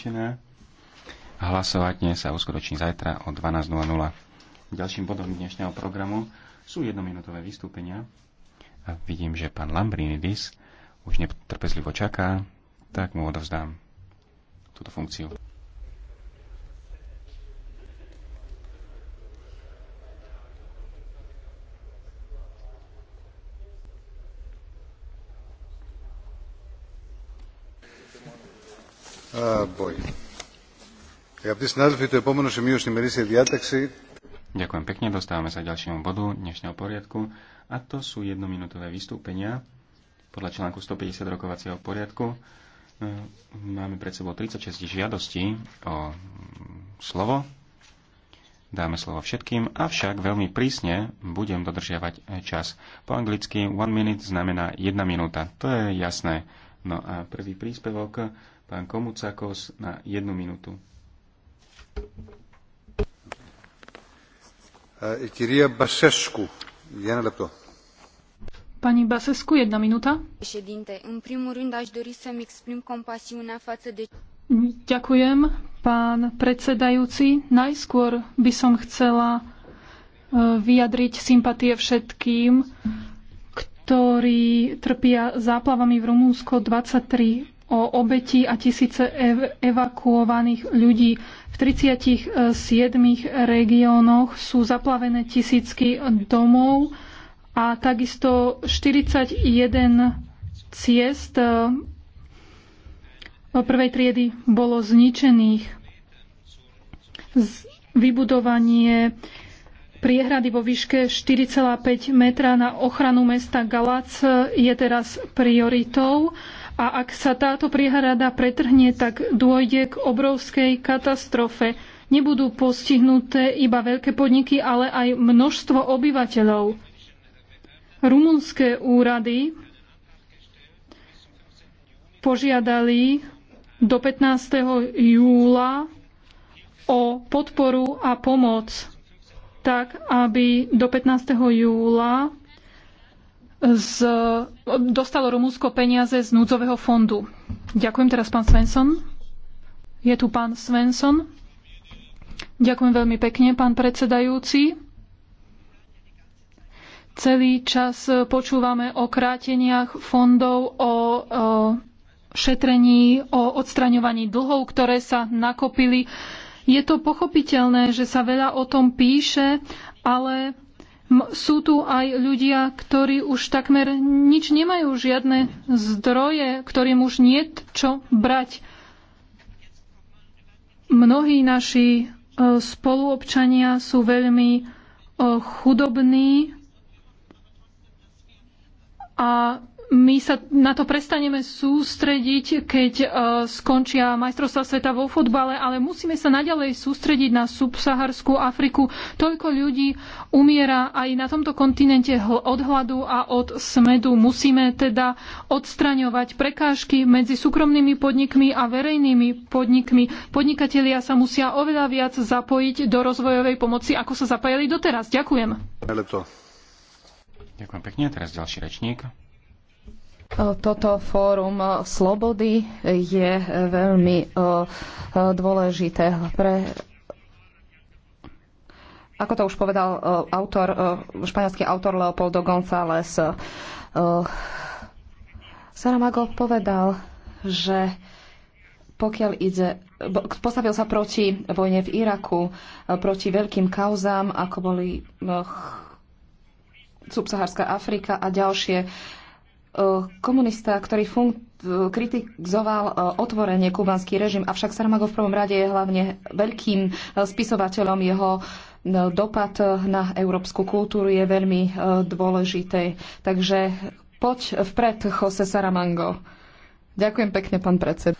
ukončená. Hlasovanie sa uskutoční zajtra o 12.00. Ďalším bodom dnešného programu sú jednominútové vystúpenia. A vidím, že pán Lambrinidis už netrpezlivo čaká, tak mu odovzdám túto funkciu. Ďakujem pekne, dostávame sa k ďalšiemu bodu dnešného poriadku a to sú jednominútové vystúpenia podľa článku 150 rokovacieho poriadku. E, máme pred sebou 36 žiadostí o slovo. Dáme slovo všetkým, avšak veľmi prísne budem dodržiavať čas. Po anglicky one minute znamená jedna minúta. To je jasné. No a prvý príspevok pán Komucakos na jednu minútu. E, Pani Basescu, jedna minuta. În primul rând, aș dori să-mi exprim compasiunea față de... Ďakujem, pán predsedajúci. Najskôr by som chcela e, vyjadriť sympatie všetkým, ktorí trpia záplavami v Rumúnsko. 23 o obeti a tisíce ev- evakuovaných ľudí. V 37 eh, regiónoch sú zaplavené tisícky domov a takisto 41 ciest eh, prvej triedy bolo zničených. Vybudovanie priehrady vo výške 4,5 metra na ochranu mesta Galac eh, je teraz prioritou a ak sa táto priehrada pretrhne, tak dôjde k obrovskej katastrofe. Nebudú postihnuté iba veľké podniky, ale aj množstvo obyvateľov. Rumunské úrady požiadali do 15. júla o podporu a pomoc tak, aby do 15. júla z, dostalo Rumúnsko peniaze z núdzového fondu. Ďakujem teraz pán Svensson. Je tu pán Svensson. Ďakujem veľmi pekne, pán predsedajúci. Celý čas počúvame o kráteniach fondov, o, o šetrení, o odstraňovaní dlhov, ktoré sa nakopili. Je to pochopiteľné, že sa veľa o tom píše, ale sú tu aj ľudia, ktorí už takmer nič nemajú, žiadne zdroje, ktorým už nie čo brať. Mnohí naši e, spoluobčania sú veľmi e, chudobní a my sa na to prestaneme sústrediť, keď e, skončia majstrovstva sveta vo fotbale, ale musíme sa naďalej sústrediť na subsaharskú Afriku. Toľko ľudí umiera aj na tomto kontinente od hladu a od smedu. Musíme teda odstraňovať prekážky medzi súkromnými podnikmi a verejnými podnikmi. Podnikatelia sa musia oveľa viac zapojiť do rozvojovej pomoci, ako sa zapájali doteraz. Ďakujem. Ďakujem pekne. Teraz ďalší rečník. Toto fórum e, slobody je e, veľmi e, dôležité pre ako to už povedal autor, španielský autor Leopoldo González. Saramago povedal, že pokiaľ ide, postavil sa proti vojne v Iraku, proti veľkým kauzám, ako boli subsahárska Afrika a ďalšie E, komunista, ktorý e, kritizoval e, otvorenie kubanský režim, avšak Saramago v prvom rade je hlavne veľkým spisovateľom. Jeho dopad na európsku kultúru je veľmi dôležitý. Takže poď vpred, Jose Saramango. Ďakujem pekne, pán predsed.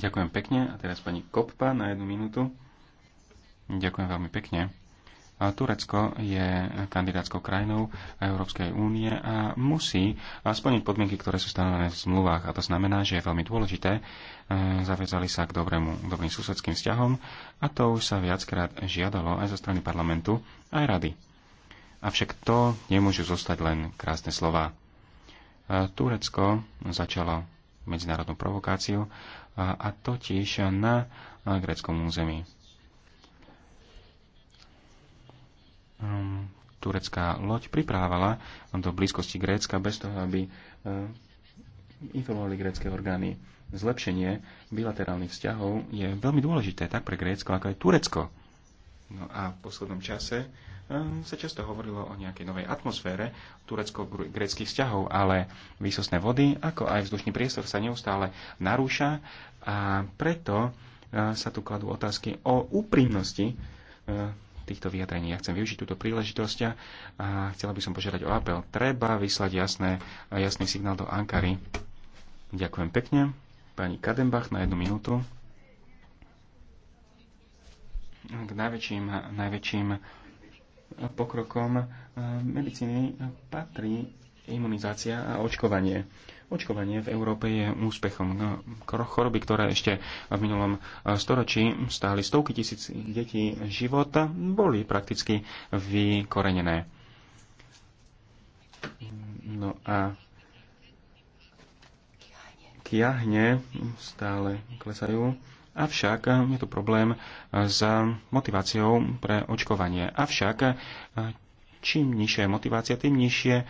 Ďakujem pekne. A teraz pani Koppa na jednu minútu. Ďakujem veľmi pekne. Turecko je kandidátskou krajinou Európskej únie a musí splniť podmienky, ktoré sú stanovené v zmluvách. A to znamená, že je veľmi dôležité. E, Zavezali sa k dobrému, dobrým susedským vzťahom a to už sa viackrát žiadalo aj zo strany parlamentu, aj rady. Avšak to nemôžu zostať len krásne slova. E, Turecko začalo medzinárodnú provokáciu a, a totiž na gréckom území. Ehm, turecká loď priprávala do blízkosti Grécka bez toho, aby ehm, informovali grécké orgány. Zlepšenie bilaterálnych vzťahov je veľmi dôležité tak pre Grécko, ako aj Turecko. No a v poslednom čase ehm, sa často hovorilo o nejakej novej atmosfére turecko-gréckých vzťahov, ale výsostné vody, ako aj vzdušný priestor sa neustále narúša a preto sa tu kladú otázky o úprimnosti týchto vyjadrení. Ja chcem využiť túto príležitosť a chcela by som požiadať o apel. Treba vyslať jasné, jasný signál do Ankary. Ďakujem pekne. Pani Kadenbach na jednu minútu. K najväčším, najväčším pokrokom eh, medicíny patrí imunizácia a očkovanie. Očkovanie v Európe je úspechom. No, choroby, ktoré ešte v minulom eh, storočí stáli stovky tisíc detí života, boli prakticky vykorenené. No a kiahne stále klesajú. Avšak je tu problém s eh, motiváciou pre očkovanie. Avšak eh, čím nižšia je motivácia, tým nižšie e,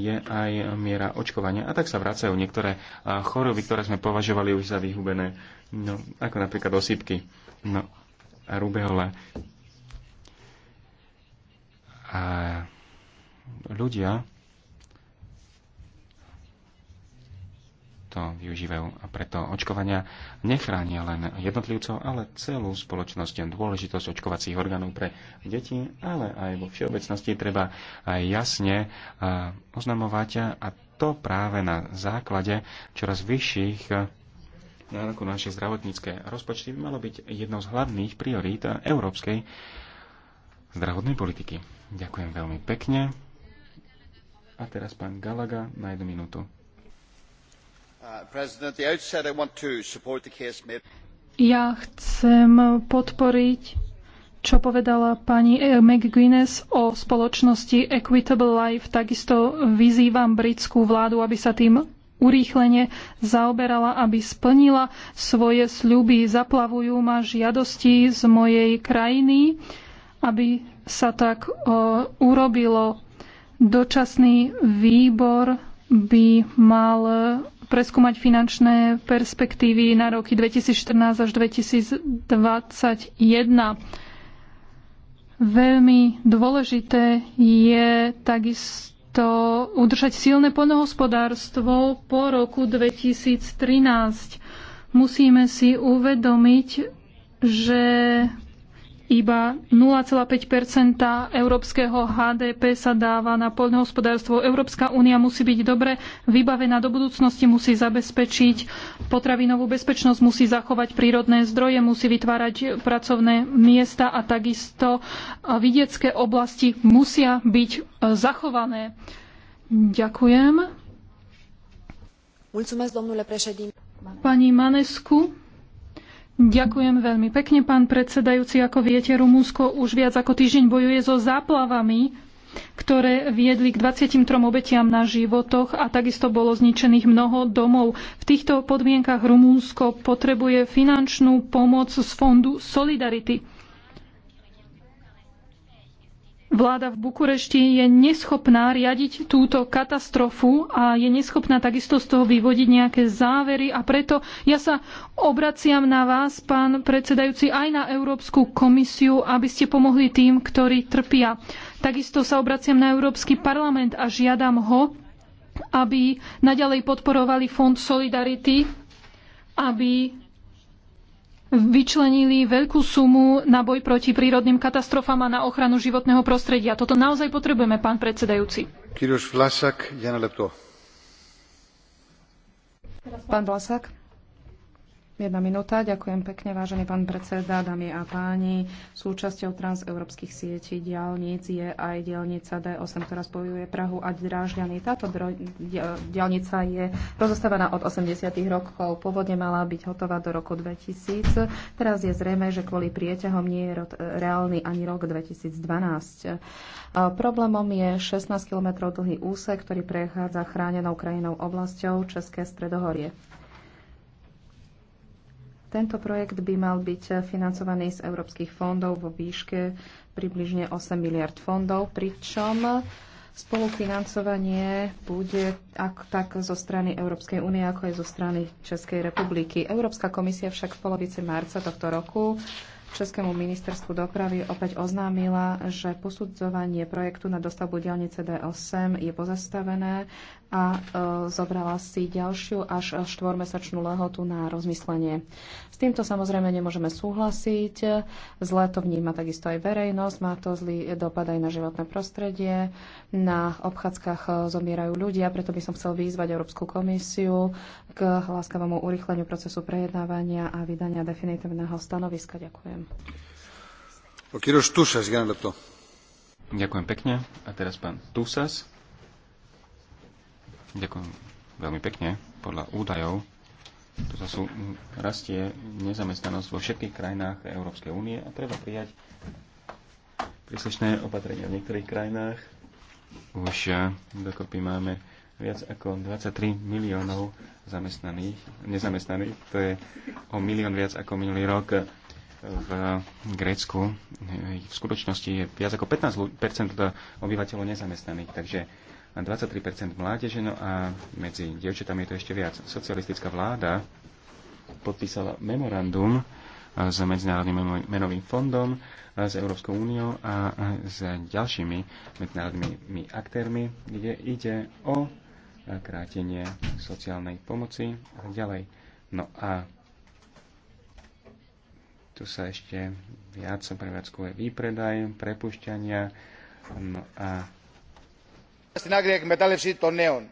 je aj miera očkovania. A tak sa vracajú niektoré e, choroby, ktoré sme považovali už za vyhubené, no, ako napríklad osýpky no, a rubehole. A ľudia, to využívajú a preto očkovania nechránia len jednotlivcov, ale celú spoločnosť. Dôležitosť očkovacích orgánov pre deti, ale aj vo všeobecnosti treba aj jasne e, oznamovať a to práve na základe čoraz vyšších e, nároku naše zdravotnícke rozpočty by malo byť jednou z hlavných priorít európskej zdravotnej politiky. Ďakujem veľmi pekne. A teraz pán Galaga na jednu minútu. Uh, ja chcem podporiť, čo povedala pani eh, McGuinness o spoločnosti Equitable Life. Takisto vyzývam britskú vládu, aby sa tým urýchlene zaoberala, aby splnila svoje sľuby. Zaplavujú ma žiadosti z mojej krajiny, aby sa tak o, urobilo. Dočasný výbor by mal preskúmať finančné perspektívy na roky 2014 až 2021. Veľmi dôležité je takisto udržať silné poľnohospodárstvo po roku 2013. Musíme si uvedomiť, že iba 0,5 európskeho HDP sa dáva na poľnohospodárstvo. Európska únia musí byť dobre vybavená do budúcnosti, musí zabezpečiť potravinovú bezpečnosť, musí zachovať prírodné zdroje, musí vytvárať pracovné miesta a takisto vidiecké oblasti musia byť e, zachované. Ďakujem. Pani Manesku. Ďakujem veľmi pekne, pán predsedajúci. Ako viete, Rumúnsko už viac ako týždeň bojuje so záplavami, ktoré viedli k 23 obetiam na životoch a takisto bolo zničených mnoho domov. V týchto podmienkach Rumúnsko potrebuje finančnú pomoc z Fondu Solidarity. Vláda v Bukurešti je neschopná riadiť túto katastrofu a je neschopná takisto z toho vyvodiť nejaké závery a preto ja sa obraciam na vás, pán predsedajúci, aj na Európsku komisiu, aby ste pomohli tým, ktorí trpia. Takisto sa obraciam na Európsky parlament a žiadam ho, aby naďalej podporovali Fond Solidarity, aby vyčlenili veľkú sumu na boj proti prírodným katastrofám a na ochranu životného prostredia. Toto naozaj potrebujeme, pán predsedajúci. Pán Vlasak. Jedna minúta. Ďakujem pekne, vážený pán predseda, dámy a páni. Súčasťou transeurópskych sietí diálnic je aj diálnica D8, ktorá spojuje Prahu a Drážďany. Táto diálnica je pozostávaná od 80. rokov. Pôvodne mala byť hotová do roku 2000. Teraz je zrejme, že kvôli prieťahom nie je reálny ani rok 2012. Problémom je 16 kilometrov dlhý úsek, ktorý prechádza chránenou krajinou oblasťou České stredohorie. Tento projekt by mal byť financovaný z európskych fondov vo výške približne 8 miliard fondov, pričom spolufinancovanie bude ak, tak zo strany Európskej únie, ako aj zo strany Českej republiky. Európska komisia však v polovici marca tohto roku Českému ministerstvu dopravy opäť oznámila, že posudzovanie projektu na dostavbu dielnice D8 je pozastavené a e, zobrala si ďalšiu až štvormesačnú lehotu na rozmyslenie. S týmto samozrejme nemôžeme súhlasiť. Zle to vníma takisto aj verejnosť, má to zlý dopad aj na životné prostredie. Na obchádzkach e, zomierajú ľudia, preto by som chcel vyzvať Európsku komisiu k láskavému urychleniu procesu prejednávania a vydania definitívneho stanoviska. Ďakujem. Ďakujem. pekne. A teraz pán Tusas. Ďakujem veľmi pekne. Podľa údajov To sa sú, rastie nezamestnanosť vo všetkých krajinách Európskej únie a treba prijať príslušné opatrenia v niektorých krajinách. Už eh, dokopy máme viac ako 23 miliónov zamestnaných, nezamestnaných. To je o milión viac ako minulý rok v Grécku v skutočnosti je viac ako 15 obyvateľov nezamestnaných, takže 23 mládeže, no a medzi dievčatami je to ešte viac. Socialistická vláda podpísala memorandum eh, s Medzinárodným menovým fondom, eh, s Európskou úniou a eh, s ďalšími medzinárodnými aktérmi, kde ide o krátenie sociálnej pomoci a ďalej. No a tu sa ešte viac prevádzkuje výpredaj, prepušťania no a στην άγρια εκμετάλλευση των νέων.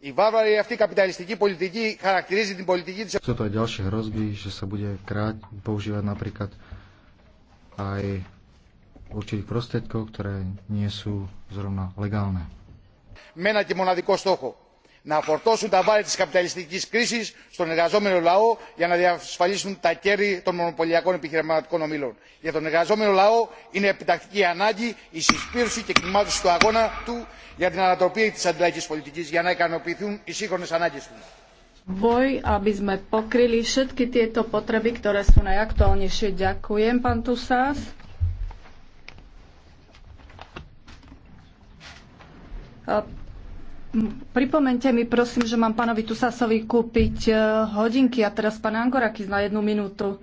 Η βάβαρη αυτή καπιταλιστική πολιτική χαρακτηρίζει την πολιτική της... Αυτό το aj ďalšie σε že sa bude kráť, používať napríklad aj určitých prostriedkov, ktoré nie sú zrovna Με ένα και μοναδικό στόχο να φορτώσουν τα βάρη τη καπιταλιστική κρίση στον εργαζόμενο λαό για να διασφαλίσουν τα κέρδη των μονοπωλιακών επιχειρηματικών ομίλων. για τον εργαζόμενο λαό είναι επιτακτική ανάγκη η συσπήρωση και κλιμάκωση του αγώνα του για την ανατροπή τη αντιλαϊκή πολιτική για να ικανοποιηθούν οι σύγχρονε ανάγκε του boj, aby sme pokryli všetky tieto potreby, ktoré sú najaktuálnejšie. Ďakujem, pán Tusás. A Pripomente mi prosím, že mám pánovi Tusasovi kúpiť e, hodinky a teraz pán Angorakis na jednu minútu.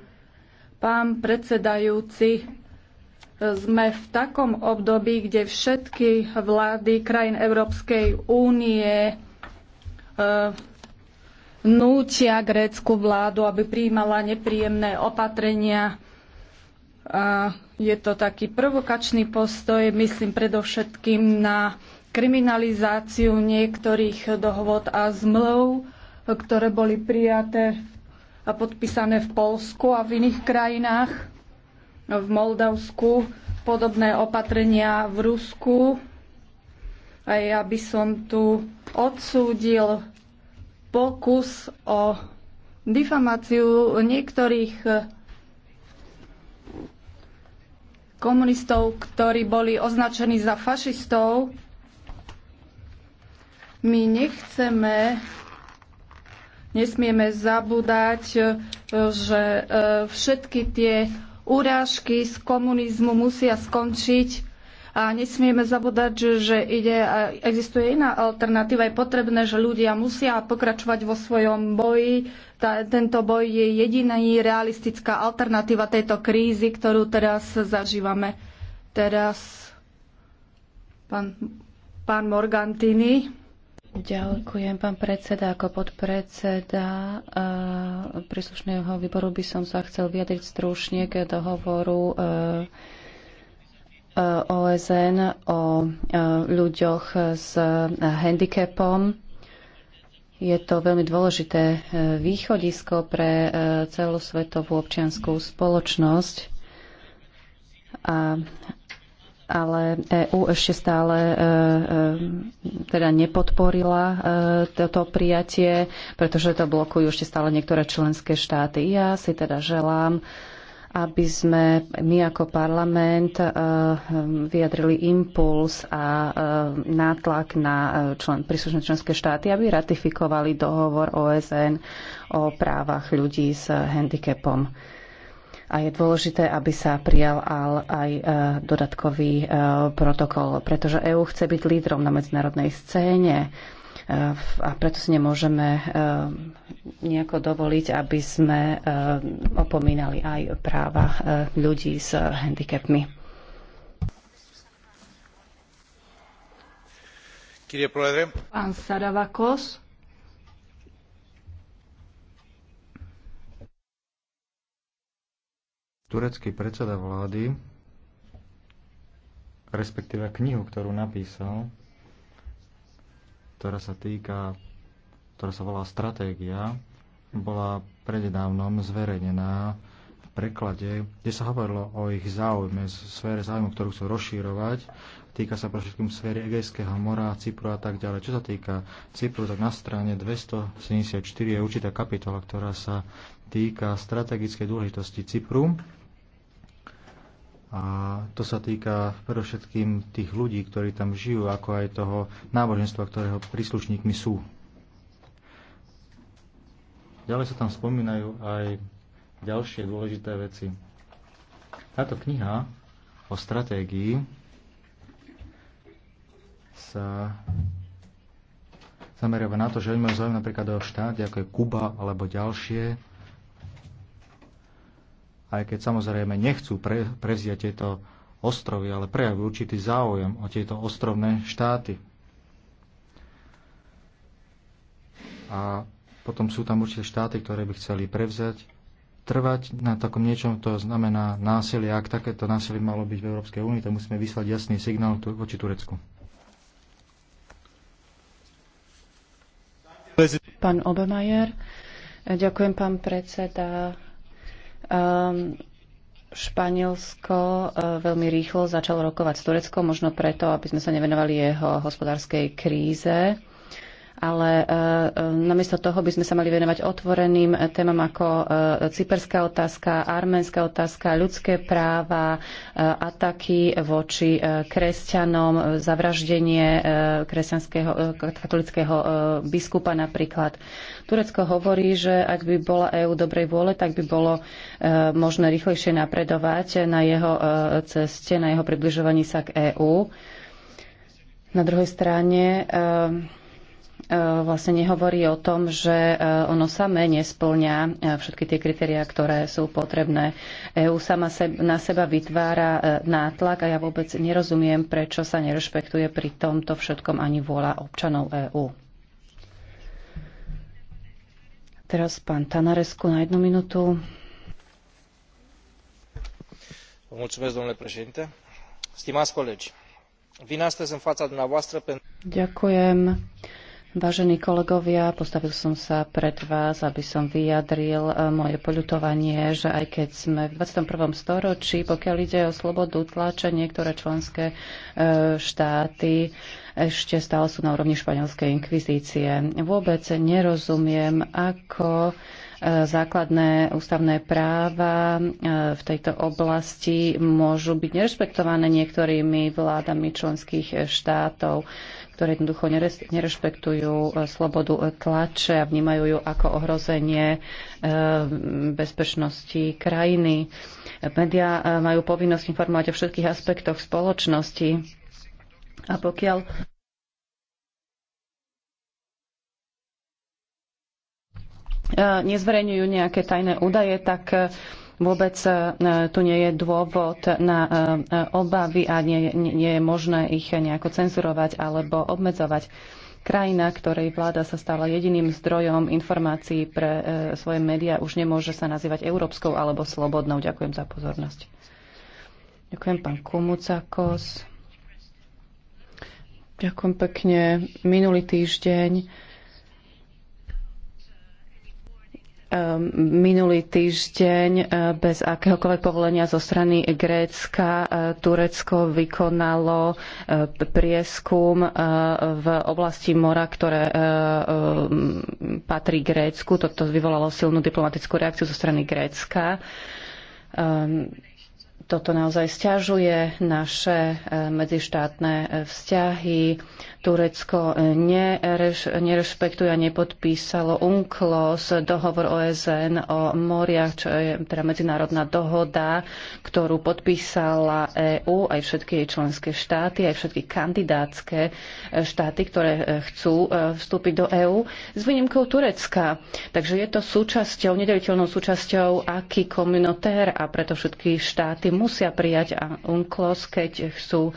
Pán predsedajúci, e, sme v takom období, kde všetky vlády krajín Európskej únie e, nútia grécku vládu, aby prijímala nepríjemné opatrenia. A je to taký provokačný postoj, myslím predovšetkým na kriminalizáciu niektorých dohôd a zmluv, ktoré boli prijaté a podpísané v Polsku a v iných krajinách, v Moldavsku, podobné opatrenia v Rusku. A ja by som tu odsúdil pokus o difamáciu niektorých komunistov, ktorí boli označení za fašistov my nechceme, nesmieme zabúdať, e, že e, všetky tie urážky z komunizmu musia skončiť a nesmieme zabúdať, že ide, existuje iná alternatíva. Je potrebné, že ľudia musia pokračovať vo svojom boji. Tá, tento boj je jediná realistická alternatíva tejto krízy, ktorú teraz zažívame. Teraz pán, pán Morgantini. Ďakujem, pán predseda. Ako podpredseda eh, príslušného výboru by som sa chcel vyjadriť stručne k dohovoru OSN eh, eh, o ľuďoch s handicapom. Je to veľmi dôležité východisko pre celosvetovú občianskú spoločnosť a ale EÚ ešte stále e, e, teda nepodporila e, toto prijatie, pretože to blokujú ešte stále niektoré členské štáty. Ja si teda želám, aby sme my ako parlament vyjadrili impuls a nátlak na člen, príslušné členské štáty, aby ratifikovali dohovor OSN o právach ľudí s handicapom a je dôležité, aby sa prijal aj e, dodatkový e, protokol, pretože EÚ chce byť lídrom na medzinárodnej scéne e, a preto si nemôžeme nejako dovoliť, aby sme opomínali aj práva ľudí s handicapmi. Pán Sadavakos. Turecký predseda vlády, respektíve knihu, ktorú napísal, ktorá sa týka, ktorá sa volá Stratégia, bola prednedávnom zverejnená v preklade, kde sa hovorilo o ich záujme, sfére záujmu, ktorú chcú rozšírovať. Týka sa pre všetkým sféry Egejského mora, Cypru a tak ďalej. Čo sa týka Cypru, tak na strane 274 je určitá kapitola, ktorá sa týka strategickej dôležitosti Cypru a to sa týka predovšetkým tých ľudí, ktorí tam žijú, ako aj toho náboženstva, ktorého príslušníkmi sú. Ďalej sa tam spomínajú aj ďalšie dôležité veci. Táto kniha o stratégii sa zameriava na to, že oni majú záujem napríklad o štát, ako je Kuba alebo ďalšie, aj keď samozrejme nechcú pre, prevziať tieto ostrovy, ale prejavujú určitý záujem o tieto ostrovné štáty. A potom sú tam určité štáty, ktoré by chceli prevzať. Trvať na takom niečom to znamená násilie. Ak takéto násilie malo byť v Európskej únii, tak musíme vyslať jasný signál voči Turecku. Pán Obemajer, ďakujem pán predseda. Um, Španielsko eh, veľmi rýchlo začalo rokovať s Tureckom, možno preto, aby sme sa nevenovali jeho hospodárskej kríze ale e, e, namiesto toho by sme sa mali venovať otvoreným e, témam ako cyperská otázka, arménska otázka, ľudské práva, ataky voči kresťanom, zavraždenie kresťanského katolického biskupa napríklad. Turecko hovorí, že ak by bola EÚ dobrej vôle, tak by bolo možné rýchlejšie napredovať na jeho ceste, na jeho približovaní sa k EÚ. Na druhej strane E, vlastne nehovorí o tom, že e, ono samé nesplňa e, všetky tie kritériá, ktoré sú potrebné. EÚ sama na seba vytvára nátlak a ja vôbec nerozumiem, prečo sa nerešpektuje pri tomto všetkom ani vôľa občanov EÚ. Teraz pán Tanaresku na jednu minútu. Mulțumesc, domnule președinte. Stimați colegi, vin astăzi în fața dumneavoastră pentru... Ďakujem. Vážení kolegovia, postavil som sa pred vás, aby som vyjadril e, moje poľutovanie, že aj keď sme v 21. storočí, pokiaľ ide o slobodu tlače, niektoré členské e, štáty ešte stále sú na úrovni španielskej inkvizície. Vôbec nerozumiem, ako e, základné ústavné práva v tejto oblasti môžu byť nerespektované niektorými vládami členských štátov ktoré jednoducho nerešpektujú e, slobodu e, tlače a vnímajú ju ako ohrozenie e, bezpečnosti krajiny. Media majú povinnosť informovať o všetkých aspektoch spoločnosti a pokiaľ nezverejňujú nejaké tajné údaje, tak Vôbec e, tu nie je dôvod na e, e, obavy a nie, nie je možné ich nejako cenzurovať alebo obmedzovať. Krajina, ktorej vláda sa stala jediným zdrojom informácií pre svoje médiá, už nemôže sa nazývať európskou alebo slobodnou. Ďakujem za pozornosť. Ďakujem pán Kumucakos. Ďakujem pekne. Minulý týždeň Ehm, minulý týždeň eh, bez akéhokoľvek povolenia zo strany Grécka eh, Turecko vykonalo eh, prieskum v oblasti mora, ktoré patrí Grécku. Toto vyvolalo silnú diplomatickú reakciu zo strany Grécka. Ehm, toto naozaj stiažuje naše medzištátne vzťahy Turecko nereš, nerešpektuje a nepodpísalo UNCLOS, dohovor OSN o moriach, čo je teda medzinárodná dohoda, ktorú podpísala EÚ, aj všetky jej členské štáty, aj všetky kandidátske e, štáty, ktoré e, chcú e, vstúpiť do EÚ, s výnimkou Turecka. Takže je to súčasťou, nedeliteľnou súčasťou aký komunotér a preto všetky štáty musia prijať UNCLOS, keď chcú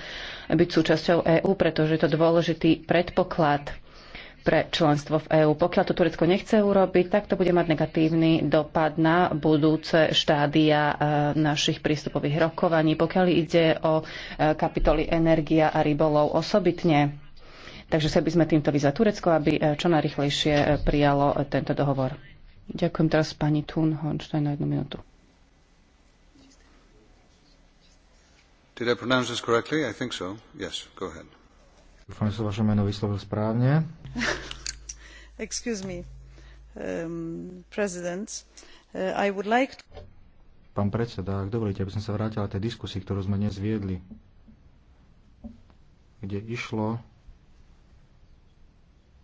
byť súčasťou EÚ, pretože je to dôležitý predpoklad pre členstvo v EÚ. Pokiaľ to Turecko nechce urobiť, tak to bude mať negatívny dopad na budúce štádia e, našich prístupových rokovaní, pokiaľ ide o e, kapitoly energia a rybolov osobitne. Takže sa by sme týmto vyzvať Turecko, aby e, čo najrychlejšie prijalo tento dohovor. Ďakujem teraz pani Thun Honštajn na jednu minútu. Dúfam, že som vaše meno vyslovil správne. Um, uh, Pán predseda, ak dovolíte, aby som sa vrátil k tej diskusii, ktorú sme dnes viedli, kde išlo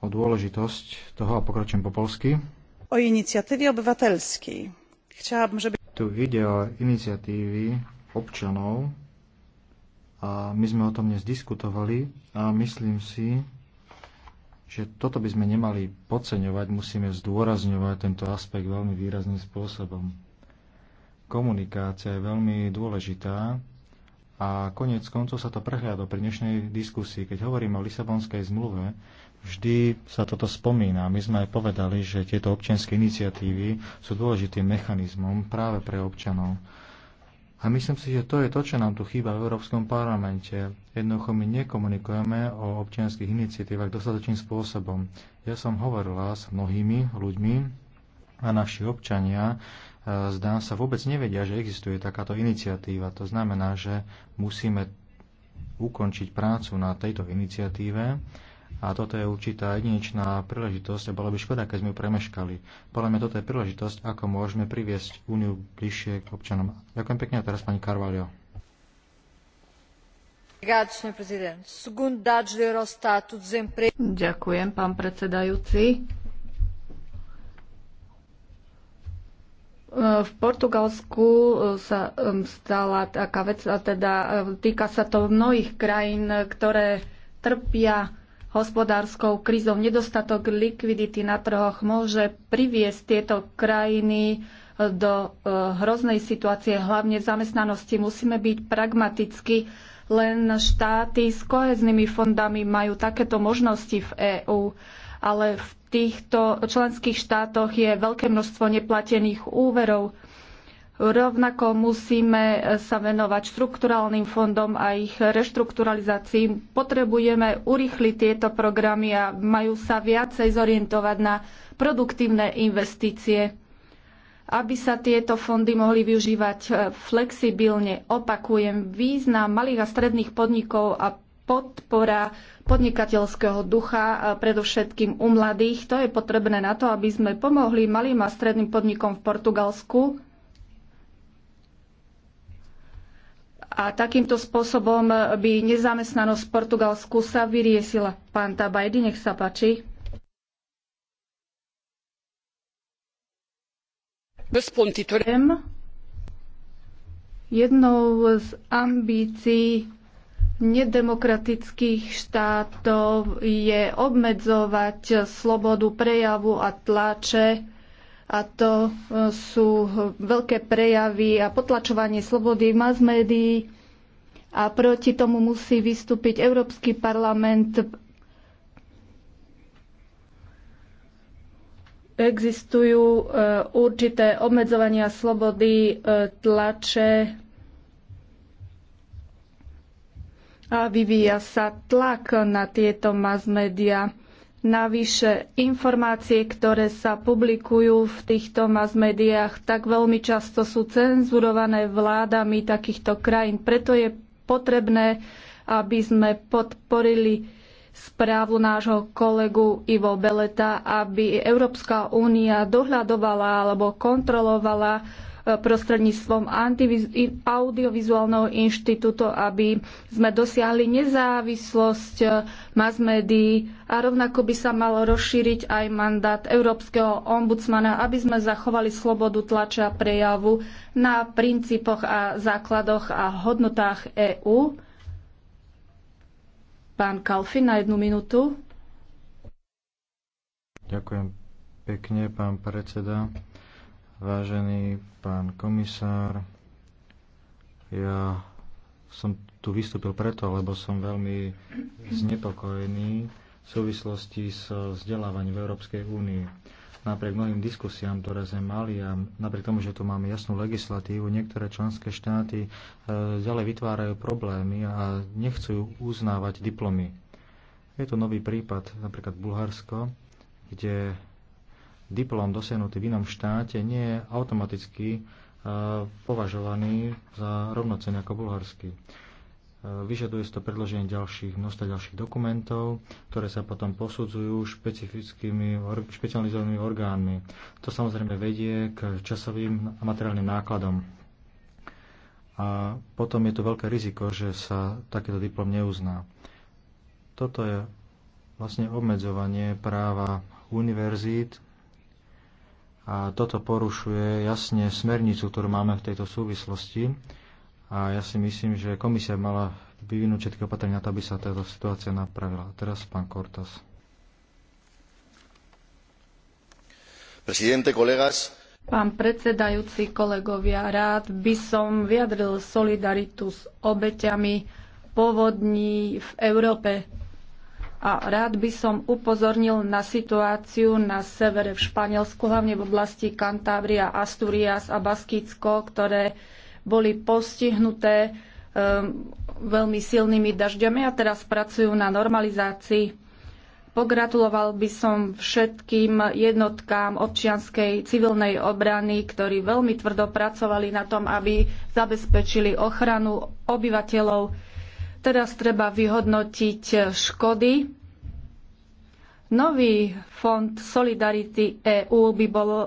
o dôležitosť toho, a pokračujem po polsky. O iniciatívy obyvateľskej. Chciałabym, żeby... Tu ide o iniciatívy občanov, a my sme o tom dnes diskutovali a myslím si, že toto by sme nemali podceňovať, musíme zdôrazňovať tento aspekt veľmi výrazným spôsobom. Komunikácia je veľmi dôležitá a konec koncov sa to prehľadlo pri dnešnej diskusii. Keď hovorím o Lisabonskej zmluve, vždy sa toto spomína. My sme aj povedali, že tieto občianske iniciatívy sú dôležitým mechanizmom práve pre občanov. A myslím si, že to je to, čo nám tu chýba v Európskom parlamente. Jednoducho my nekomunikujeme o občianských iniciatívach dostatočným spôsobom. Ja som hovorila s mnohými ľuďmi a naši občania e, zdá sa vôbec nevedia, že existuje takáto iniciatíva. To znamená, že musíme ukončiť prácu na tejto iniciatíve a toto je určitá jedinečná príležitosť a bola by škoda, keď sme ju premeškali. Podľa mňa toto je príležitosť, ako môžeme priviesť úniu bližšie k občanom. Ďakujem pekne a teraz pani Carvalho. Ďakujem, pán predsedajúci. V Portugalsku e, sa e, stala taká vec, a teda e, týka sa to mnohých krajín, ktoré trpia hospodárskou krízou. Nedostatok likvidity na trhoch môže priviesť tieto krajiny e, do e, hroznej situácie, hlavne v zamestnanosti. Musíme byť pragmaticky. Len štáty s koheznými fondami majú takéto možnosti v EÚ, ale v týchto členských štátoch je veľké množstvo neplatených úverov Rovnako musíme sa venovať štrukturálnym fondom a ich reštrukturalizácii. Potrebujeme urýchliť tieto programy a majú sa viacej zorientovať na produktívne investície, aby sa tieto fondy mohli využívať e, flexibilne. Opakujem, význam malých a stredných podnikov a podpora podnikateľského ducha, e, predovšetkým u mladých. To je potrebné na to, aby sme pomohli malým a stredným podnikom v Portugalsku a takýmto spôsobom by nezamestnanosť v Portugalsku sa vyriesila. Pán Tabajdy, nech sa páči. Jednou z ambícií nedemokratických štátov je obmedzovať slobodu prejavu a tlače a to e, sú veľké prejavy a potlačovanie slobody v mass médií a proti tomu musí vystúpiť Európsky parlament. Existujú e, určité obmedzovania slobody e, tlače a vyvíja sa tlak na tieto mass médiá. Navyše informácie, ktoré sa publikujú v týchto mass médiách, tak veľmi často sú cenzurované vládami takýchto krajín. Preto je potrebné, aby sme podporili správu nášho kolegu Ivo Beleta, aby Európska únia dohľadovala alebo kontrolovala prostredníctvom audiovizuálneho inštitútu, aby sme dosiahli nezávislosť eh, mass médií a rovnako by sa mal rozšíriť aj mandát Európskeho ombudsmana, aby sme zachovali slobodu tlača a prejavu na princípoch a základoch a hodnotách EÚ. Pán Kalfi na jednu minútu. Ďakujem pekne, pán predseda. Vážený pán komisár, ja som tu vystúpil preto, lebo som veľmi znepokojený v súvislosti s vzdelávaním v Európskej únii. Napriek mnohým diskusiám, ktoré sme mali a napriek tomu, že tu máme jasnú legislatívu, niektoré členské štáty e, ďalej vytvárajú problémy a nechcú uznávať diplomy. Je to nový prípad, napríklad Bulharsko, kde diplom dosiahnutý v inom štáte nie je automaticky e, považovaný za rovnocenný ako bulharský. E, vyžaduje si to predloženie ďalších, množstva ďalších dokumentov, ktoré sa potom posudzujú špecifickými, špecializovanými orgánmi. To samozrejme vedie k časovým a materiálnym nákladom. A potom je tu veľké riziko, že sa takýto diplom neuzná. Toto je vlastne obmedzovanie práva univerzít a toto porušuje jasne smernicu, ktorú máme v tejto súvislosti. A ja si myslím, že komisia mala vyvinúť všetky opatrenia aby sa táto situácia napravila. Teraz pán Kortas. Prezidente, kolegas. Pán predsedajúci, kolegovia, rád by som vyjadril solidaritu s obeťami povodní v Európe. A rád by som upozornil na situáciu na severe v Španielsku, hlavne v oblasti Kantábria, Asturias a Baskicko, ktoré boli postihnuté um, veľmi silnými dažďami a teraz pracujú na normalizácii. Pogratuloval by som všetkým jednotkám občianskej civilnej obrany, ktorí veľmi tvrdo pracovali na tom, aby zabezpečili ochranu obyvateľov Teraz treba vyhodnotiť škody. Nový fond Solidarity EÚ by bol e,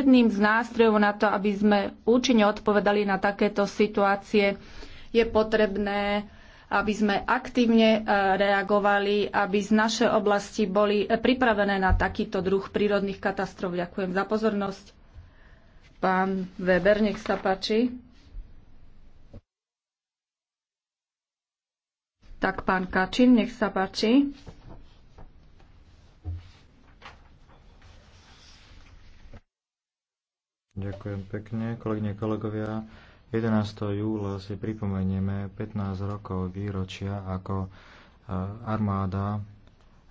jedným z nástrojov na to, aby sme účinne odpovedali na takéto situácie. Je potrebné, aby sme aktívne e, reagovali, aby z naše oblasti boli e, pripravené na takýto druh prírodných katastrof. Ďakujem za pozornosť. Pán Weber, nech sa páči. Tak pán Kačin, nech sa páči. Ďakujem pekne, kolegyne, kolegovia. 11. júla si pripomenieme 15 rokov výročia, ako e, armáda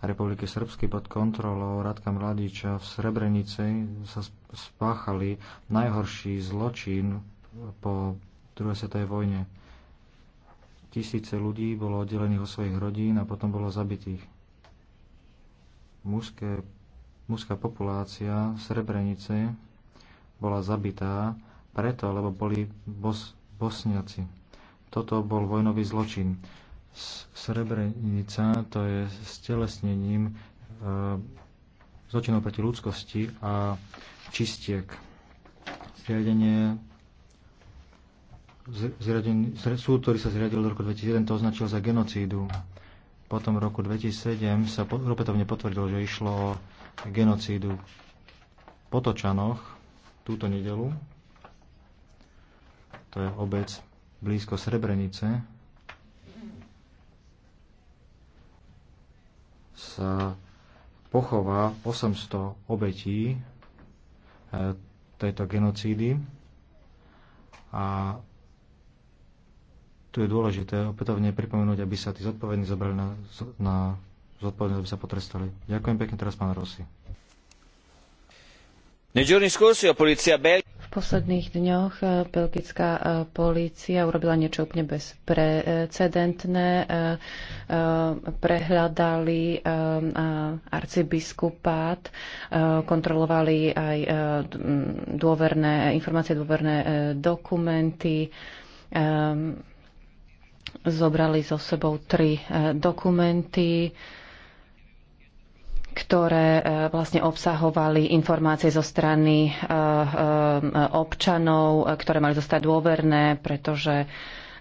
Republiky Srbsky pod kontrolou Radka Mladiča v Srebrenici sa spáchali najhorší zločin po druhej svetovej vojne. Tisíce ľudí bolo oddelených od svojich rodín a potom bolo zabitých. Mužské, mužská populácia Srebrenice bola zabitá preto, lebo boli bos, bosniaci. Toto bol vojnový zločin. Srebrenica to je stelesnením e, zločinov proti ľudskosti a čistiek. Zriadenie zriadený, súd, ktorý sa zriadil v roku 2001, to označil za genocídu. Potom v roku 2007 sa opätovne potvrdil, že išlo o genocídu v Potočanoch túto nedelu. To je obec blízko Srebrenice. Sa pochová 800 obetí e, tejto genocídy a tu je dôležité opätovne pripomenúť, aby sa tí zodpovední zobrali na, na zodpovednosť, aby sa potrestali. Ďakujem pekne teraz, pán Rossi. V posledných dňoch eh, belgická eh, polícia urobila niečo úplne bezprecedentné. Eh, prehľadali arcibiskupát, kontrolovali aj dôverné, informácie, dôverné dokumenty zobrali so sebou tri e, dokumenty, ktoré e, vlastne obsahovali informácie zo strany e, občanov, ktoré mali zostať dôverné, pretože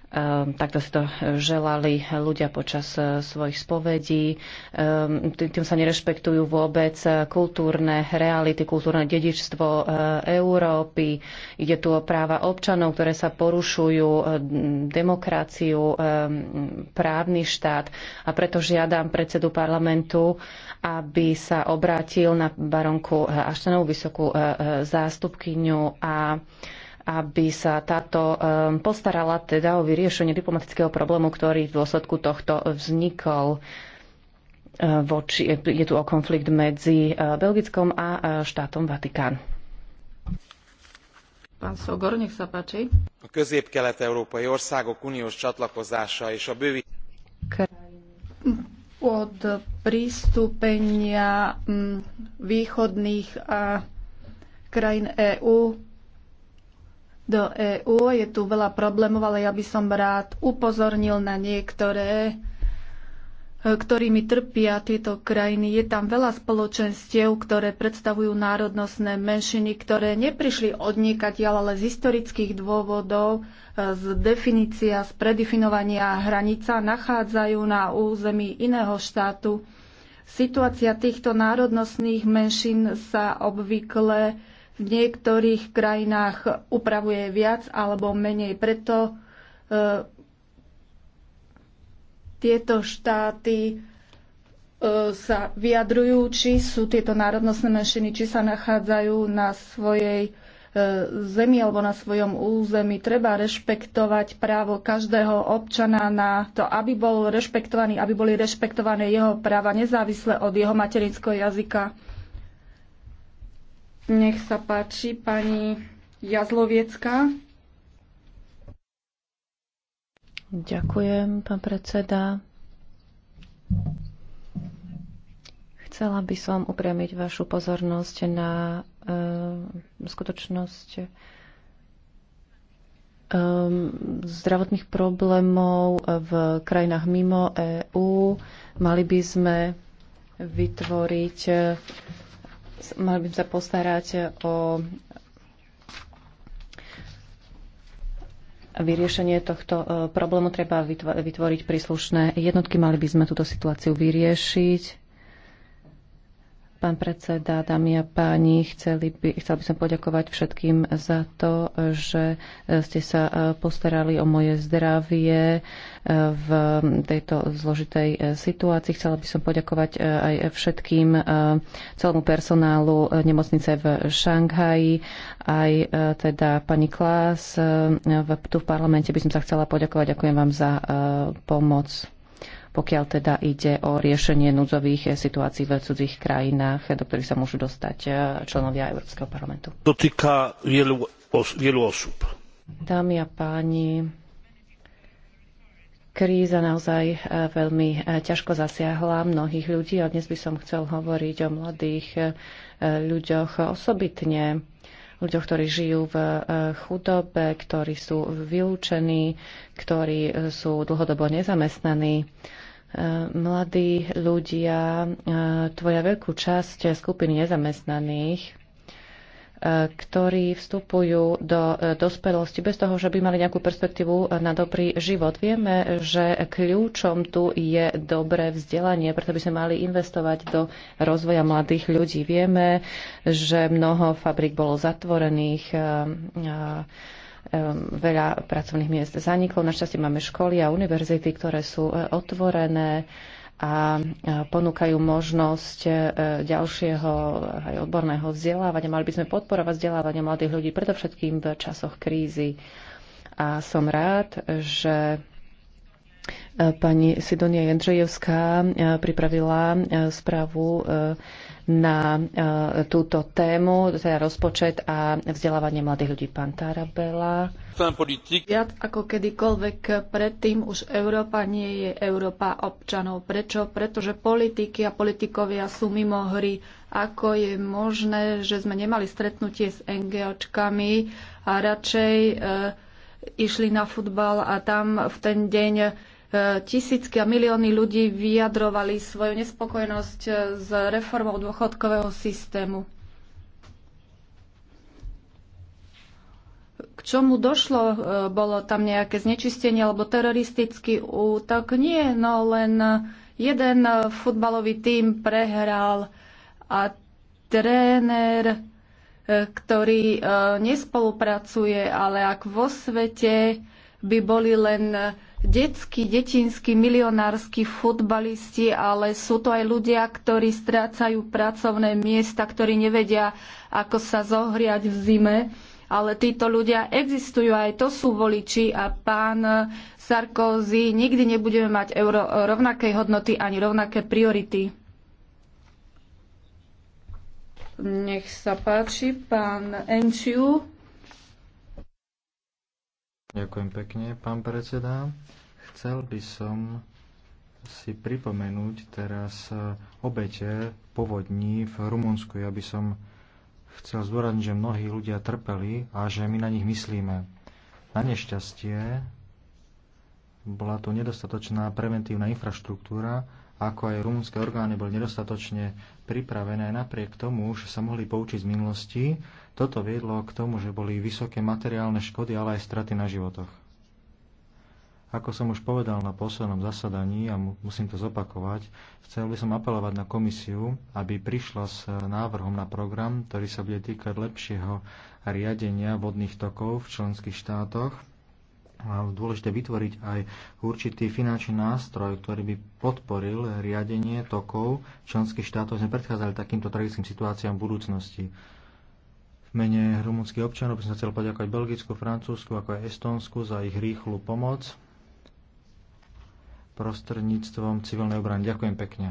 Ehm, takto si to želali ľudia počas eh, svojich spovedí. Ehm, tým sa nerešpektujú vôbec eh, kultúrne reality, kultúrne dedičstvo eh, Európy. Ide tu o práva občanov, ktoré sa porušujú, demokraciu, ehm, právny štát. A preto žiadam predsedu parlamentu, aby sa obrátil na baronku Aštenovú vysokú zástupkyňu a aby sa táto ehm, postarala teda o vyriešenie diplomatického problému, ktorý v dôsledku tohto vznikol. Ehm, voči, je tu o konflikt medzi ehm, Belgickom a štátom Vatikán. Pán Sogor, nech sa páči. A közép-kelet-európai országok uniós csatlakozása és a bővítés od prístupenia mm, východných krajín EÚ do EÚ. Je tu veľa problémov, ale ja by som rád upozornil na niektoré, e, ktorými trpia tieto krajiny. Je tam veľa spoločenstiev, ktoré predstavujú národnostné menšiny, ktoré neprišli odniekať, ale z historických dôvodov, e, z definícia, z predefinovania hranica nachádzajú na území iného štátu. Situácia týchto národnostných menšín sa obvykle v niektorých krajinách upravuje viac alebo menej. Preto e, tieto štáty e, sa vyjadrujú, či sú tieto národnostné menšiny, či sa nachádzajú na svojej e, zemi alebo na svojom území. Treba rešpektovať právo každého občana na to, aby bol rešpektovaný, aby boli rešpektované jeho práva nezávisle od jeho materinského jazyka nech sa páči, pani Jazloviecka. Ďakujem, pán predseda. Chcela by som upriamiť vašu pozornosť na e, skutočnosť e, zdravotných problémov v krajinách mimo EÚ. Mali by sme vytvoriť e, mali by sa postarať o vyriešenie tohto e, problému. Treba vytvoriť príslušné jednotky, mali by sme túto situáciu vyriešiť. Pán predseda, dámy a páni, chceli by, chcel by som poďakovať všetkým za to, že e, ste sa e, postarali o moje zdravie e, v tejto zložitej situácii. Chcela by som poďakovať aj všetkým, celému personálu nemocnice v Šanghaji, aj teda pani Klás. Tu v parlamente by som sa chcela poďakovať. Ďakujem vám za pomoc pokiaľ teda ide o riešenie núdzových situácií v cudzích krajinách, do ktorých sa môžu dostať eh, členovia Európskeho parlamentu. Dotýka vielu, os, vielu osôb. Dámy a páni, kríza naozaj eh, veľmi eh, ťažko zasiahla mnohých ľudí a dnes by som chcel hovoriť o mladých ľuďoch osobitne ľuďoch, ktorí žijú v chudobe, ktorí sú vylúčení, ktorí sú dlhodobo nezamestnaní. E, mladí ľudia e, tvoja veľkú časť skupiny nezamestnaných, e, ktorí vstupujú do dospelosti bez toho, že by mali nejakú perspektívu na dobrý život. Vieme, že kľúčom tu je dobré vzdelanie, preto by sme mali investovať do rozvoja mladých ľudí. Vieme, že mnoho fabrik bolo zatvorených veľa pracovných miest zaniklo. Našťastie máme školy a univerzity, ktoré sú e, otvorené a e, ponúkajú možnosť e, ďalšieho aj odborného vzdelávania. Mali by sme podporovať vzdelávanie mladých ľudí, predovšetkým v časoch krízy. A som rád, že pani Sidonia Jendřejevská pripravila správu na e, túto tému, teda rozpočet a vzdelávanie mladých ľudí. Pán Tarabela. Viac ako kedykoľvek predtým už Európa nie je Európa občanov. Prečo? Pretože politiky a politikovia sú mimo hry. Ako je možné, že sme nemali stretnutie s NGOčkami a radšej e, išli na futbal a tam v ten deň tisícky a milióny ľudí vyjadrovali svoju nespokojnosť s reformou dôchodkového systému. K čomu došlo? E, bolo tam nejaké znečistenie alebo teroristický útok? Nie, no len jeden futbalový tím prehral a tréner, e, ktorý e, nespolupracuje, ale ak vo svete by boli len detskí, detinskí, milionársky futbalisti, ale sú to aj ľudia, ktorí strácajú pracovné miesta, ktorí nevedia, ako sa zohriať v zime. Ale títo ľudia existujú, aj to sú voliči a pán Sarkozy, nikdy nebudeme mať euro rovnakej hodnoty ani rovnaké priority. Nech sa páči, pán Enčiu. Ďakujem pekne, pán predseda. Chcel by som si pripomenúť teraz obete povodní v Rumunsku. Ja by som chcel zdôrazniť, že mnohí ľudia trpeli a že my na nich myslíme. Na nešťastie bola tu nedostatočná preventívna infraštruktúra, ako aj rumunské orgány boli nedostatočne pripravené napriek tomu, že sa mohli poučiť z minulosti. Toto viedlo k tomu, že boli vysoké materiálne škody, ale aj straty na životoch. Ako som už povedal na poslednom zasadaní, a musím to zopakovať, chcel by som apelovať na komisiu, aby prišla s návrhom na program, ktorý sa bude týkať lepšieho riadenia vodných tokov v členských štátoch dôležité vytvoriť aj určitý finančný nástroj, ktorý by podporil riadenie tokov členských štátov, sme predchádzali takýmto tragickým situáciám v budúcnosti. V mene rumúnskych občanov by som chcel poďakovať Belgicku, Francúzsku, ako aj Estónsku za ich rýchlu pomoc prostredníctvom civilnej obrany. Ďakujem pekne.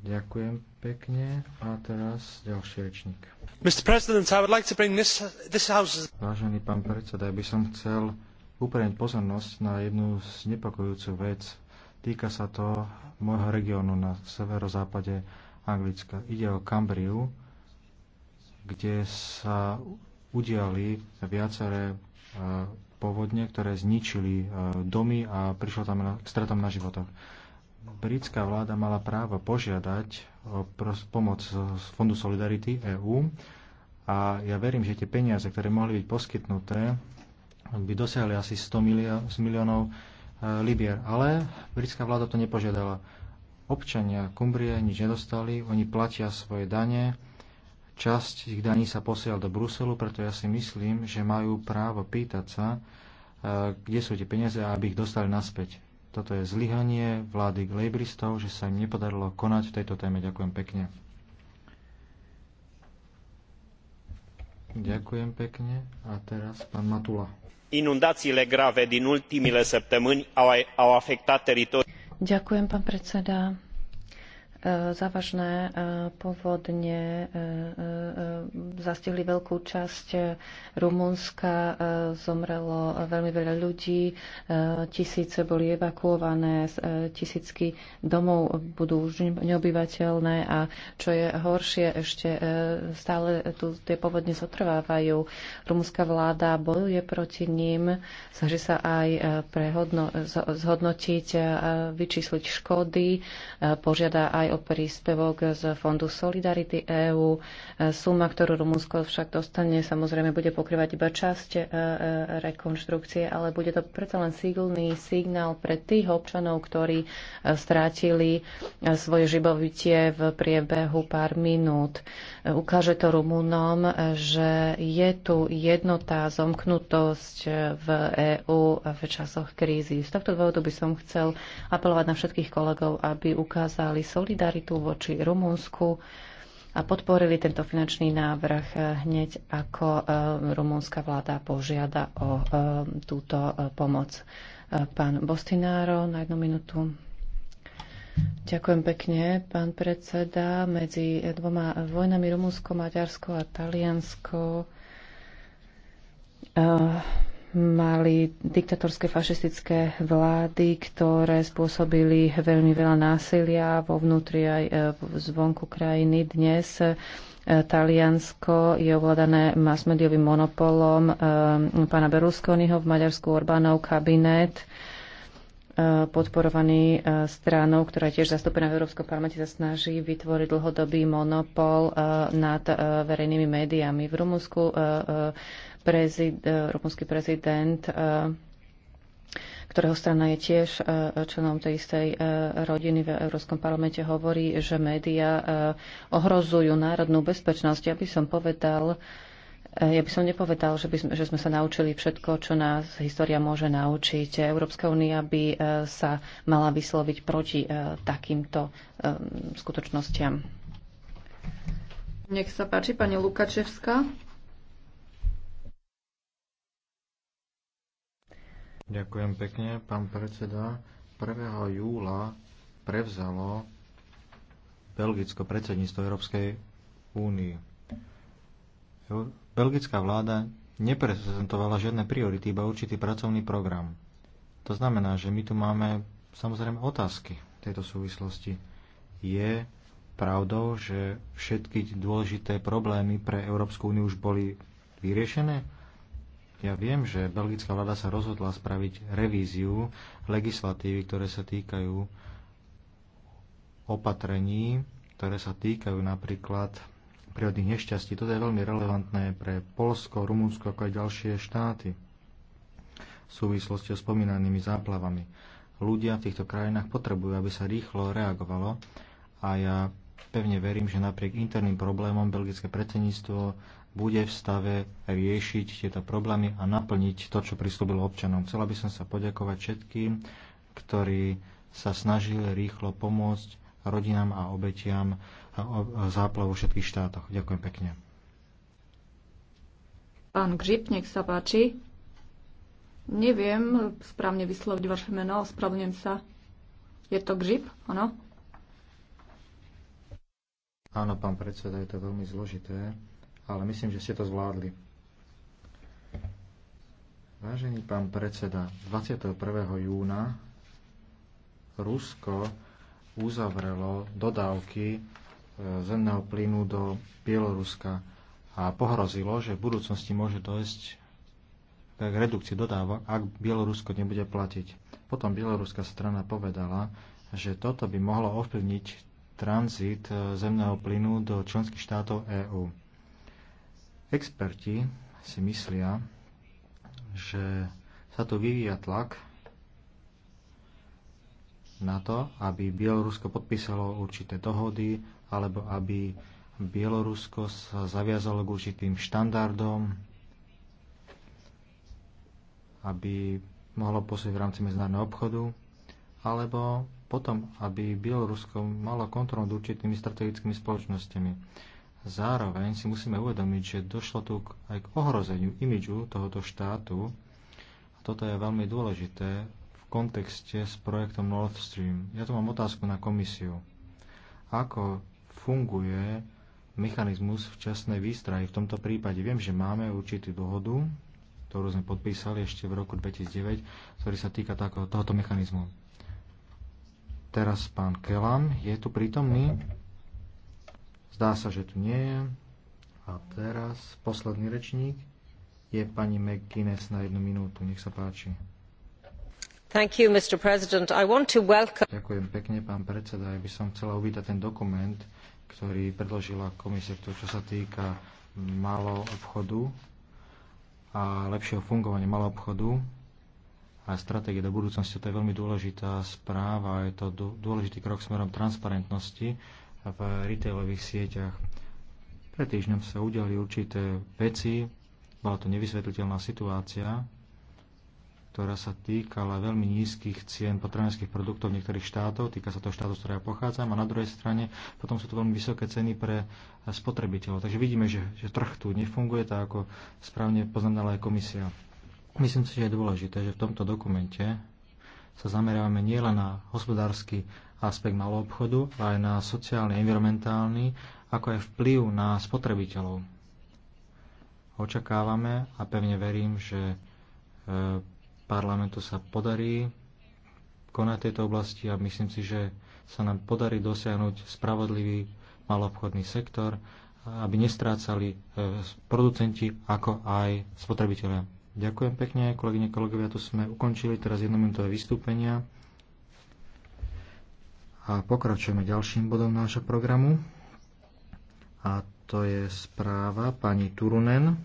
Ďakujem pekne. A teraz ďalší rečník. Like this, this Vážený pán predseda, ja by som chcel upriamiť pozornosť na jednu znepokojujúcu vec. Týka sa to môjho regiónu na severozápade Anglicka. Ide o Kambriu, kde sa udiali viaceré e, povodne, ktoré zničili e, domy a prišlo tam k stretom na životoch britská vláda mala právo požiadať o pomoc z Fondu Solidarity EÚ a ja verím, že tie peniaze, ktoré mohli byť poskytnuté, by dosiahli asi 100 milió- miliónov e, libier. Ale britská vláda to nepožiadala. Občania Kumbrie nič nedostali, oni platia svoje dane, časť ich daní sa posiela do Bruselu, preto ja si myslím, že majú právo pýtať sa, e, kde sú tie peniaze, aby ich dostali naspäť. Toto je zlyhanie vlády lejbristov, že sa im nepodarilo konať v tejto téme. Ďakujem pekne. Ďakujem pekne. A teraz pán Matula. Inundáciile grave din ultimile săptămâni au, au afectat teritoriul. Ďakujem, pán predseda. E, závažné e, povodne e, zastihli veľkú časť Rumunska, zomrelo veľmi veľa ľudí, tisíce boli evakuované, tisícky domov budú už neobyvateľné a čo je horšie, ešte stále tu tie povodne zotrvávajú. Rumunská vláda bojuje proti ním, snaží sa aj prehodno, zhodnotiť a vyčísliť škody, požiada aj o príspevok z Fondu Solidarity EÚ. Suma, ktorú Rumunsko však dostane, samozrejme bude pokrývať iba časť e, e, rekonštrukcie, ale bude to predsa len silný signál pre tých občanov, ktorí e, strátili svoje živobytie v priebehu pár minút. Ukáže to Rumunom, že je tu jednota, zomknutosť v EÚ v časoch krízy. Z tohto dôvodu by som chcel apelovať na všetkých kolegov, aby ukázali solidarity solidaritu voči Rumunsku a podporili tento finančný návrh hneď ako e, rumúnska vláda požiada o e, túto e, pomoc. Pán Bostináro na jednu minútu. Ďakujem pekne, pán predseda. Medzi dvoma vojnami Rumúnsko, Maďarsko a Taliansko mali diktatorské fašistické vlády, ktoré spôsobili veľmi veľa násilia vo vnútri aj e, zvonku krajiny. Dnes e, Taliansko je ovládané masmediovým monopolom e, pána Berlusconiho v Maďarsku Orbánov kabinet podporovaný stranou, ktorá je tiež zastúpená v Európskom parlamente, sa snaží vytvoriť dlhodobý monopol nad verejnými médiami. V Rumunsku prezid, e, rumunský prezident e, ktorého strana je tiež e, členom tej istej rodiny v Európskom parlamente, hovorí, že médiá ohrozujú národnú bezpečnosť. Ja by som povedal, ja by som nepovedal, že, by sme, že sme sa naučili všetko, čo nás história môže naučiť. Európska únia by sa mala vysloviť proti takýmto skutočnostiam. Nech sa páči, pani Lukačevská. Ďakujem pekne, pán predseda. 1. júla prevzalo Belgicko predsedníctvo Európskej únie. Belgická vláda neprezentovala žiadne priority, iba určitý pracovný program. To znamená, že my tu máme samozrejme otázky v tejto súvislosti. Je pravdou, že všetky dôležité problémy pre Európsku úniu už boli vyriešené? Ja viem, že belgická vláda sa rozhodla spraviť revíziu legislatívy, ktoré sa týkajú opatrení, ktoré sa týkajú napríklad prírodných nešťastí. Toto je veľmi relevantné pre Polsko, Rumunsko ako aj ďalšie štáty v súvislosti s spomínanými záplavami. Ľudia v týchto krajinách potrebujú, aby sa rýchlo reagovalo a ja pevne verím, že napriek interným problémom belgické predsedníctvo bude v stave riešiť tieto problémy a naplniť to, čo prislúbilo občanom. Chcela by som sa poďakovať všetkým, ktorí sa snažili rýchlo pomôcť rodinám a obetiam záplav vo všetkých štátoch. Ďakujem pekne. Pán Gžip, nech sa páči. Neviem správne vysloviť vaše meno, ospravedlňujem sa. Je to Gžip, áno? Áno, pán predseda, je to veľmi zložité ale myslím, že ste to zvládli. Vážený pán predseda, 21. júna Rusko uzavrelo dodávky e, zemného plynu do Bieloruska a pohrozilo, že v budúcnosti môže dojsť k redukcii dodávok, ak Bielorusko nebude platiť. Potom bieloruská strana povedala, že toto by mohlo ovplyvniť tranzit e, zemného plynu do členských štátov EÚ. Experti si myslia, že sa tu vyvíja tlak na to, aby Bielorusko podpísalo určité dohody alebo aby Bielorusko sa zaviazalo k určitým štandardom, aby mohlo posúť v rámci medzinárodného obchodu, alebo potom, aby Bielorusko malo kontrolu nad určitými strategickými spoločnosťami. Zároveň si musíme uvedomiť, že došlo tu aj k ohrozeniu imidžu tohoto štátu a toto je veľmi dôležité v kontexte s projektom Nord Stream. Ja tu mám otázku na komisiu. Ako funguje mechanizmus včasnej výstrahy v tomto prípade? Viem, že máme určitú dohodu, ktorú sme podpísali ešte v roku 2009, ktorý sa týka tohoto mechanizmu. Teraz pán Kelam je tu prítomný. Zdá sa, že tu nie je. A teraz posledný rečník je pani McGuinness na jednu minútu. Nech sa páči. Thank you, Mr. President. I want to welcome... Ďakujem pekne, pán predseda. Ja by som chcela uvítať ten dokument, ktorý predložila komisia, ktorý, čo sa týka malo obchodu a lepšieho fungovania malo obchodu a stratégie do budúcnosti. To je veľmi dôležitá správa, a je to dôležitý krok smerom transparentnosti v retailových sieťach. Pred týždňom sa udiali určité veci, bola to nevysvetliteľná situácia, ktorá sa týkala veľmi nízkych cien potravinských produktov niektorých štátov, týka sa toho štátu, z ktorého ja pochádzam, a na druhej strane potom sú tu veľmi vysoké ceny pre spotrebiteľov. Takže vidíme, že, že trh tu nefunguje tak, ako správne poznamenala aj komisia. Myslím si, že je dôležité, že v tomto dokumente sa zameráme nielen na hospodársky aspekt malého obchodu, aj na sociálny, environmentálny, ako aj vplyv na spotrebiteľov. Očakávame a pevne verím, že e, parlamentu sa podarí konať tejto oblasti a myslím si, že sa nám podarí dosiahnuť spravodlivý malobchodný sektor, aby nestrácali e, producenti ako aj spotrebitelia. Ďakujem pekne, kolegyne, kolegovia, tu sme ukončili teraz jednominútové vystúpenia. A pokračujeme ďalším bodom nášho programu. A to je správa pani Turunen.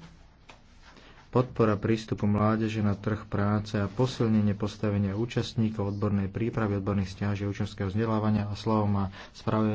Podpora prístupu mládeže na trh práce a posilnenie postavenia účastníkov odbornej prípravy, odborných stiaží, učňovského vzdelávania a slovom má správe